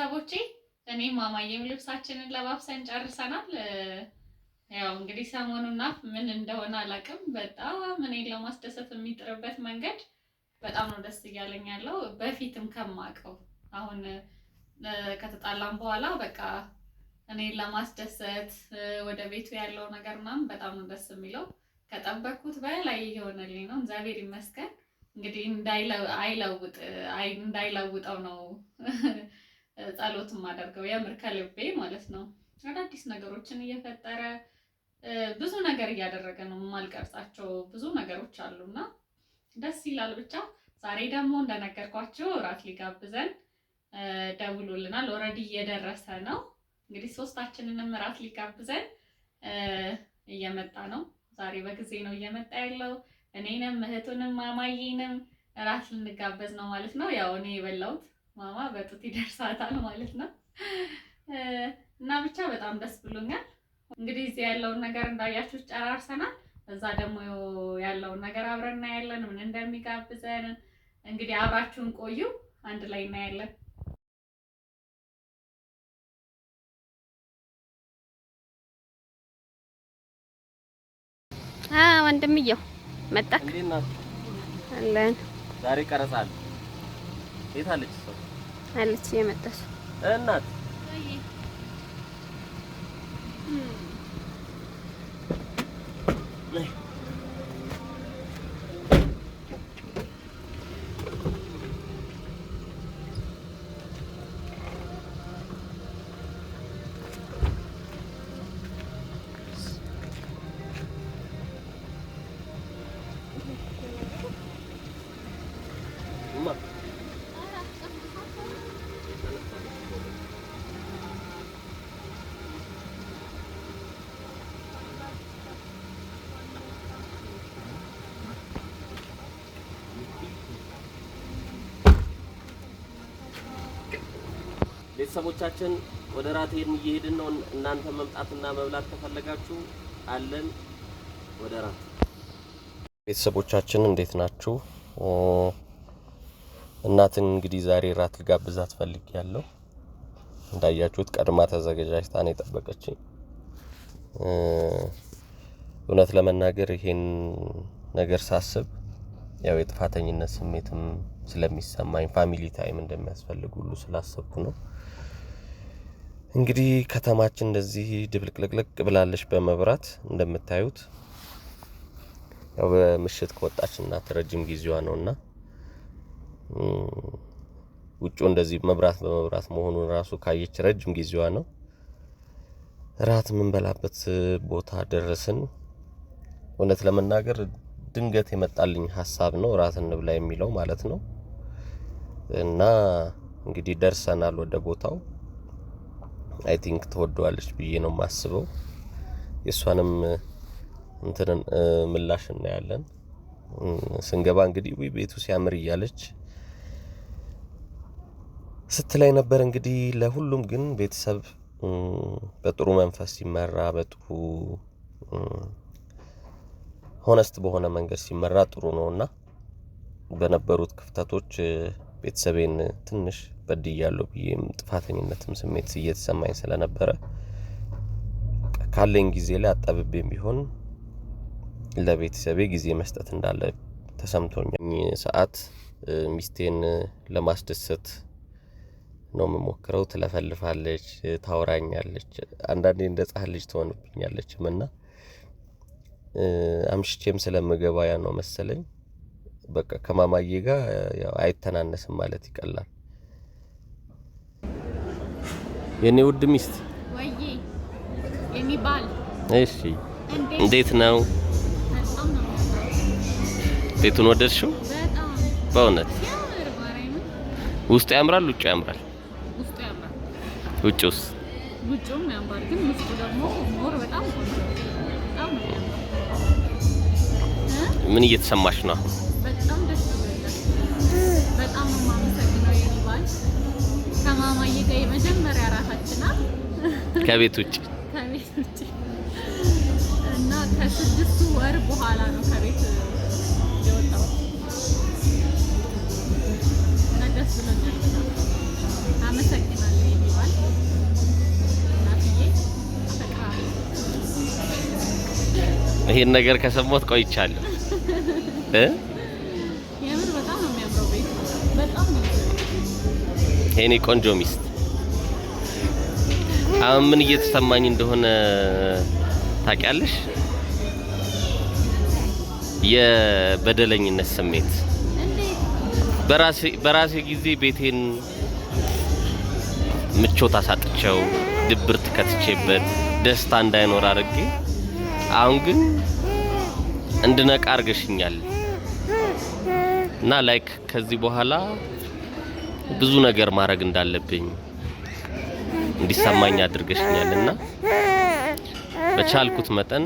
ቤተሰቦቼ እኔ ማማዬም ልብሳችንን ለባብሰን ጨርሰናል። ያው እንግዲህ ሰሞኑን ምን እንደሆነ አላውቅም። በጣም እኔን ለማስደሰት የሚጥርበት መንገድ በጣም ነው ደስ እያለኝ ያለው። በፊትም ከማውቀው አሁን ከተጣላም በኋላ በቃ እኔ ለማስደሰት ወደ ቤቱ ያለው ነገር ምናምን በጣም ነው ደስ የሚለው። ከጠበቅኩት በላይ የሆነልኝ ነው። እግዚአብሔር ይመስገን። እንግዲህ እንዳይለውጥ እንዳይለውጠው ነው ጸሎት ማደርገው የምር ከልቤ ማለት ነው። አዳዲስ ነገሮችን እየፈጠረ ብዙ ነገር እያደረገ ነው። የማልቀርጻቸው ብዙ ነገሮች አሉና ደስ ይላል። ብቻ ዛሬ ደግሞ እንደነገርኳቸው እራት ሊጋብዘን ደውሎልናል። ኦልሬዲ እየደረሰ ነው። እንግዲህ ሶስታችንንም እራት ሊጋብዘን እየመጣ ነው። ዛሬ በጊዜ ነው እየመጣ ያለው። እኔንም እህቱንም ማማዬንም እራት ልንጋበዝ ነው ማለት ነው። ያው እኔ የበላሁት ማማ በጡት ይደርሳታል ማለት ነው። እና ብቻ በጣም ደስ ብሎኛል። እንግዲህ እዚህ ያለውን ነገር እንዳያችሁ ጨራርሰናል። እዛ ደግሞ ያለውን ነገር አብረን እናያለን፣ ምን እንደሚጋብዘን እንግዲህ አብራችሁን ቆዩ፣ አንድ ላይ እናያለን። ወንድምየው መጣክ አለን። ዛሬ ቀረጻለሁ የት አለች? ሰው አለች የመጣች እናት ቤተሰቦቻችን ወደ ራት ሄድን እየሄድን ነው። እናንተ መምጣትና መብላት ከፈለጋችሁ አለን። ወደ ራት ቤተሰቦቻችን እንዴት ናችሁ? እናትን እንግዲህ ዛሬ ራት ልጋብዛት ፈልግ ያለው እንዳያችሁት ቀድማ ተዘገጃጅታ ነው የጠበቀችኝ። እውነት ለመናገር ይሄን ነገር ሳስብ ያው የጥፋተኝነት ስሜትም ስለሚሰማኝ ፋሚሊ ታይም እንደሚያስፈልግ ሁሉ ስላሰብኩ ነው። እንግዲህ ከተማችን እንደዚህ ድብልቅልቅልቅ ብላለች በመብራት እንደምታዩት። ያው በምሽት ከወጣች እናት ረጅም ጊዜዋ እና ውጩ እንደዚህ መብራት በመብራት መሆኑን ራሱ ካየች ረጅም ጊዜዋ ነው። እራት የምንበላበት ቦታ ደረስን። እውነት ለመናገር ድንገት የመጣልኝ ሀሳብ ነው እራት እንብላ የሚለው ማለት ነው። እና እንግዲህ ደርሰናል ወደ ቦታው አይ ቲንክ ትወደዋለች ብዬ ነው የማስበው። የእሷንም እንትንን ምላሽ እናያለን። ስንገባ እንግዲህ ውይ ቤቱ ሲያምር እያለች ስትላይ ነበር። እንግዲህ ለሁሉም ግን ቤተሰብ በጥሩ መንፈስ ሲመራ በጥሩ ሆነስት በሆነ መንገድ ሲመራ ጥሩ ነው እና በነበሩት ክፍተቶች ቤተሰቤን ትንሽ በድያለሁ ብዬም ጥፋተኝነትም ስሜት እየተሰማኝ ስለነበረ ካለኝ ጊዜ ላይ አጠብቤም ቢሆን ለቤተሰቤ ጊዜ መስጠት እንዳለ ተሰምቶኛል። ሰዓት ሚስቴን ለማስደሰት ነው የምሞክረው። ትለፈልፋለች፣ ታወራኛለች፣ አንዳንዴ እንደ ጻህ ልጅ ትሆንብኛለችም እና አምሽቼም ስለምገባ ያ ነው መሰለኝ በቃ ከማማዬ ጋር አይተናነስም ማለት ይቀላል። የኔ ውድ ሚስት የሚባል እሺ፣ እንዴት ነው? ቤቱን ወደድሽው? በእውነት ውስጡ ያምራል፣ ውጭ ያምራል። ውጭ ውስጥ ውጭም ያምራል፣ ግን ደግሞ በጣም ምን እየተሰማሽ ነው አሁን? በጣም ደስ ይላል። በጣም ማመሰግነው የሚባል ከማማዬ ጋር የመጀመሪያ ከቤት ውጭ እና ከስድስቱ ወር በኋላ ነው ከቤት ይሄን ነገር ከሰሞት ቆይቻለሁ እ የምር በጣም ነው የሚያምረው ቤት በጣም ነው። ቆንጆ ሚስት አሁን ምን እየተሰማኝ እንደሆነ ታውቂያለሽ? የበደለኝነት ስሜት በራሴ ጊዜ ቤቴን ምቾት አሳጥቸው ድብርት ከትቼበት ደስታ እንዳይኖር አድርጌ፣ አሁን ግን እንድነቃ አድርገሽኛል እና ላይክ ከዚህ በኋላ ብዙ ነገር ማድረግ እንዳለብኝ እንዲሰማኝ አድርገሽኛል እና በቻልኩት መጠን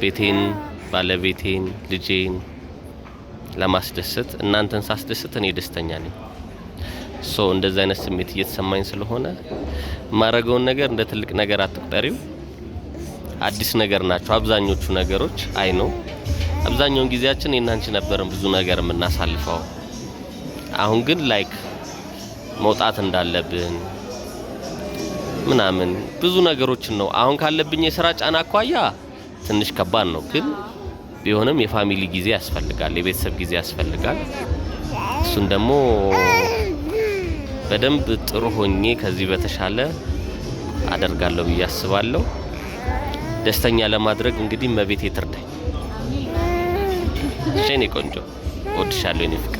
ቤቴን፣ ባለቤቴን፣ ልጄን ለማስደሰት እናንተን ሳስደሰት እኔ ደስተኛ ነኝ። ሶ እንደዚህ አይነት ስሜት እየተሰማኝ ስለሆነ የማደርገውን ነገር እንደ ትልቅ ነገር አትቁጠሪው። አዲስ ነገር ናቸው አብዛኞቹ ነገሮች። አይ ነው አብዛኛውን ጊዜያችን የናንቺ ነበርን ብዙ ነገር የምናሳልፈው። አሁን ግን ላይክ መውጣት እንዳለብን ምናምን ብዙ ነገሮችን ነው። አሁን ካለብኝ የስራ ጫና አኳያ ትንሽ ከባድ ነው፣ ግን ቢሆንም የፋሚሊ ጊዜ ያስፈልጋል፣ የቤተሰብ ጊዜ ያስፈልጋል። እሱን ደግሞ በደንብ ጥሩ ሆኜ ከዚህ በተሻለ አደርጋለሁ ብዬ አስባለሁ። ደስተኛ ለማድረግ እንግዲህ እመቤቴ ትርዳኝ። ሸኔ ቆንጆ፣ ወድሻለሁ፣ የኔ ፍቅር።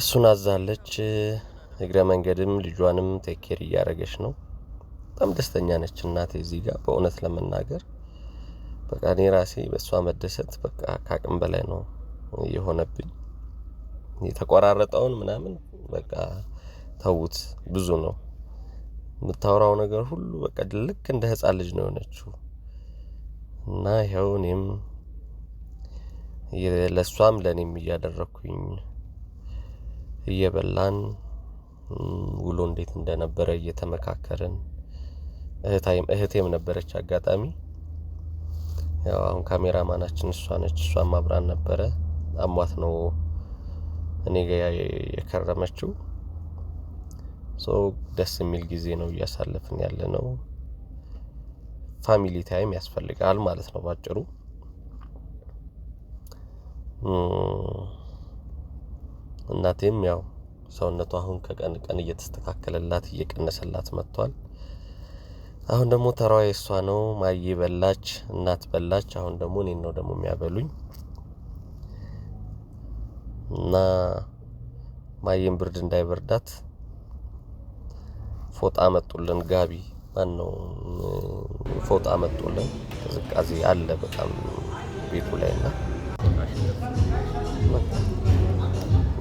እሱን አዛለች። እግረ መንገድም ልጇንም ቴኬር እያደረገች ነው። በጣም ደስተኛ ነች እናቴ እዚህ ጋር በእውነት ለመናገር በቃ እኔ ራሴ በእሷ መደሰት በቃ ካቅም በላይ ነው የሆነብኝ። የተቆራረጠውን ምናምን በቃ ተዉት፣ ብዙ ነው የምታወራው ነገር ሁሉ በቃ ልክ እንደ ህፃን ልጅ ነው የሆነችው እና ይኸው እኔም ለእሷም ለእኔም እያደረግኩኝ እየበላን ውሎ እንዴት እንደነበረ እየተመካከርን እህቴም ነበረች አጋጣሚ ያው አሁን ካሜራ ማናችን እሷ ነች። እሷ አብራን ነበረ። አሟት ነው እኔ ጋ የከረመችው። ሶ ደስ የሚል ጊዜ ነው እያሳለፍን ያለ ነው። ፋሚሊ ታይም ያስፈልጋል ማለት ነው ባጭሩ። እናቴም ያው ሰውነቷ አሁን ከቀን ቀን እየተስተካከለላት እየቀነሰላት መጥቷል። አሁን ደግሞ ተራዋ የእሷ ነው። ማዬ በላች፣ እናት በላች። አሁን ደግሞ እኔን ነው ደግሞ የሚያበሉኝ እና ማየን ብርድ እንዳይበርዳት ፎጣ መጡልን፣ ጋቢ ማን ነው ፎጣ መጡልን። ቅዝቃዜ አለ በጣም ቤቱ ላይ እና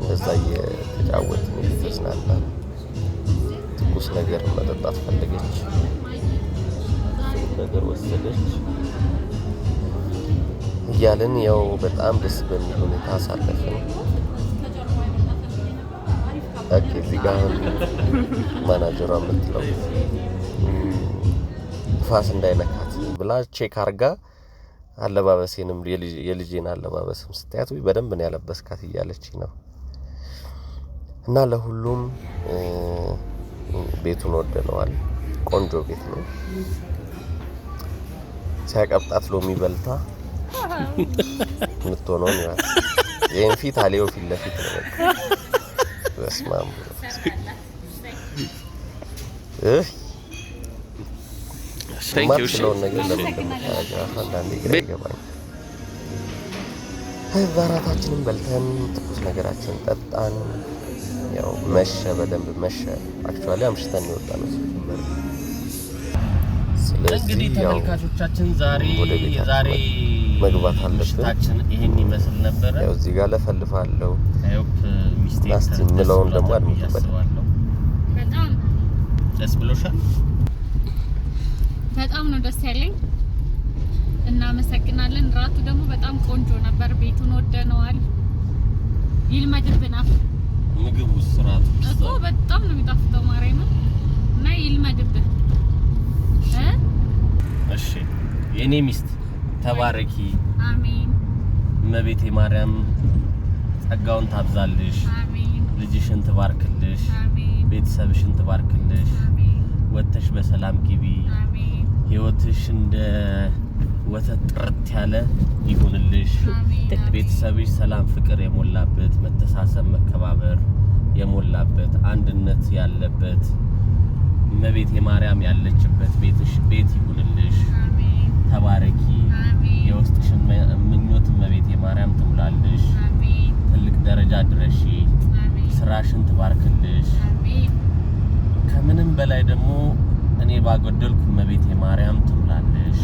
እንደዛ እየተጫወት እየተዝናናን ትኩስ ነገር መጠጣት ፈለገች። ነገር ወሰደች እያልን ያው በጣም ደስ በሚል ሁኔታ አሳለፍን። ኦኬ እዚህ ጋ ማናጀሯ የምትለው ፋስ እንዳይነካት ብላ ቼክ አርጋ አለባበሴንም የልጄን አለባበስም ስታያት በደንብ ነው ያለበስካት እያለች ነው። እና ለሁሉም ቤቱን ወደነዋል። ቆንጆ ቤት ነው። ሲያቀብጣት ሎሚ በልታ የምትሆነውን ይላል። ይህን ፊት አሌው ፊት ለፊት ነው። በስመ አብ ማትችለውን ነገር ለምን አንዳንዴ ግራ ይገባኝ። እዛ እራታችንን በልተን ትኩስ ነገራችን ጠጣንን። ያው መሸ፣ በደንብ መሸ። አክቹዋሊ አምሽተን የወጣ ነው። እንግዲህ ተመልካቾቻችን ዛሬ የዛሬ መግባት አለብን። ይሄን ይመስል ነበረ። ያው እዚህ ጋር ለፈልፋለሁ ናስቲ የምለውን ደግሞ አድምጡበታለሁ። በጣም ደስ ብሎሻል። በጣም ነው ደስ ያለኝ። እናመሰግናለን። ራቱ ደግሞ በጣም ቆንጆ ነበር። ቤቱን ወደነዋል። ይልመድብናል። ምግብ ውስጥ ስርዓት እኮ በጣም ነው የሚጣፍጠው። ማርያም እና ይልመድብህ። እሺ የኔ ሚስት ተባረኪ። አሜን። እመቤቴ ማርያም ጸጋውን ታብዛልሽ። አሜን። ልጅሽን ትባርክልሽ። አሜን። ቤተሰብሽን ትባርክልሽ። አሜን። ወጥተሽ በሰላም ግቢ። አሜን። ህይወትሽ እንደ ወተት ጥርት ያለ ይሁንልሽ። ቤተሰብሽ ሰላም፣ ፍቅር የሞላበት መተሳሰብ፣ መከባበር የሞላበት አንድነት ያለበት እመቤቴ ማርያም ያለችበት ቤትሽ ቤት ይሁንልሽ። ተባረኪ። የውስጥሽን ምኞት እመቤቴ ማርያም ትሙላልሽ። ትልቅ ደረጃ ድረሺ። ስራሽን ትባርክልሽ። ከምንም በላይ ደግሞ እኔ ባጎደልኩ እመቤቴ ማርያም ትሙላልሽ።